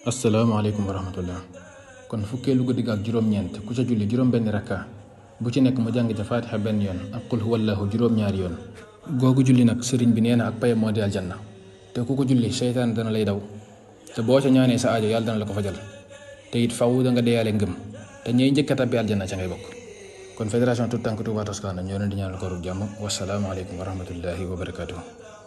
asalaamaaleykum wa rahmatullah kon fukkee lu guddi ga ak juróom-ñeent ku ca julli juróom-benn rakka bu ci nekk mu jàng ca faatixa benn yoon ak qul huwallahu juróom-ñaari yoon googu julli nag sëriñ bi nee na ak paye moo di na te ku ko julli seytaan dana lay daw te boo ca ñaanee sa ajo yàlla dana la ko fajal te it faw da nga deyaale ngëm te ñey njëkk a tabbi aljanna ca ngay bokk kon fédération Tutank Touba Toscana ñoo leen di ñaanal kooru jàmm wasalaamaaleykum wa rahmatullahi wa barakatuh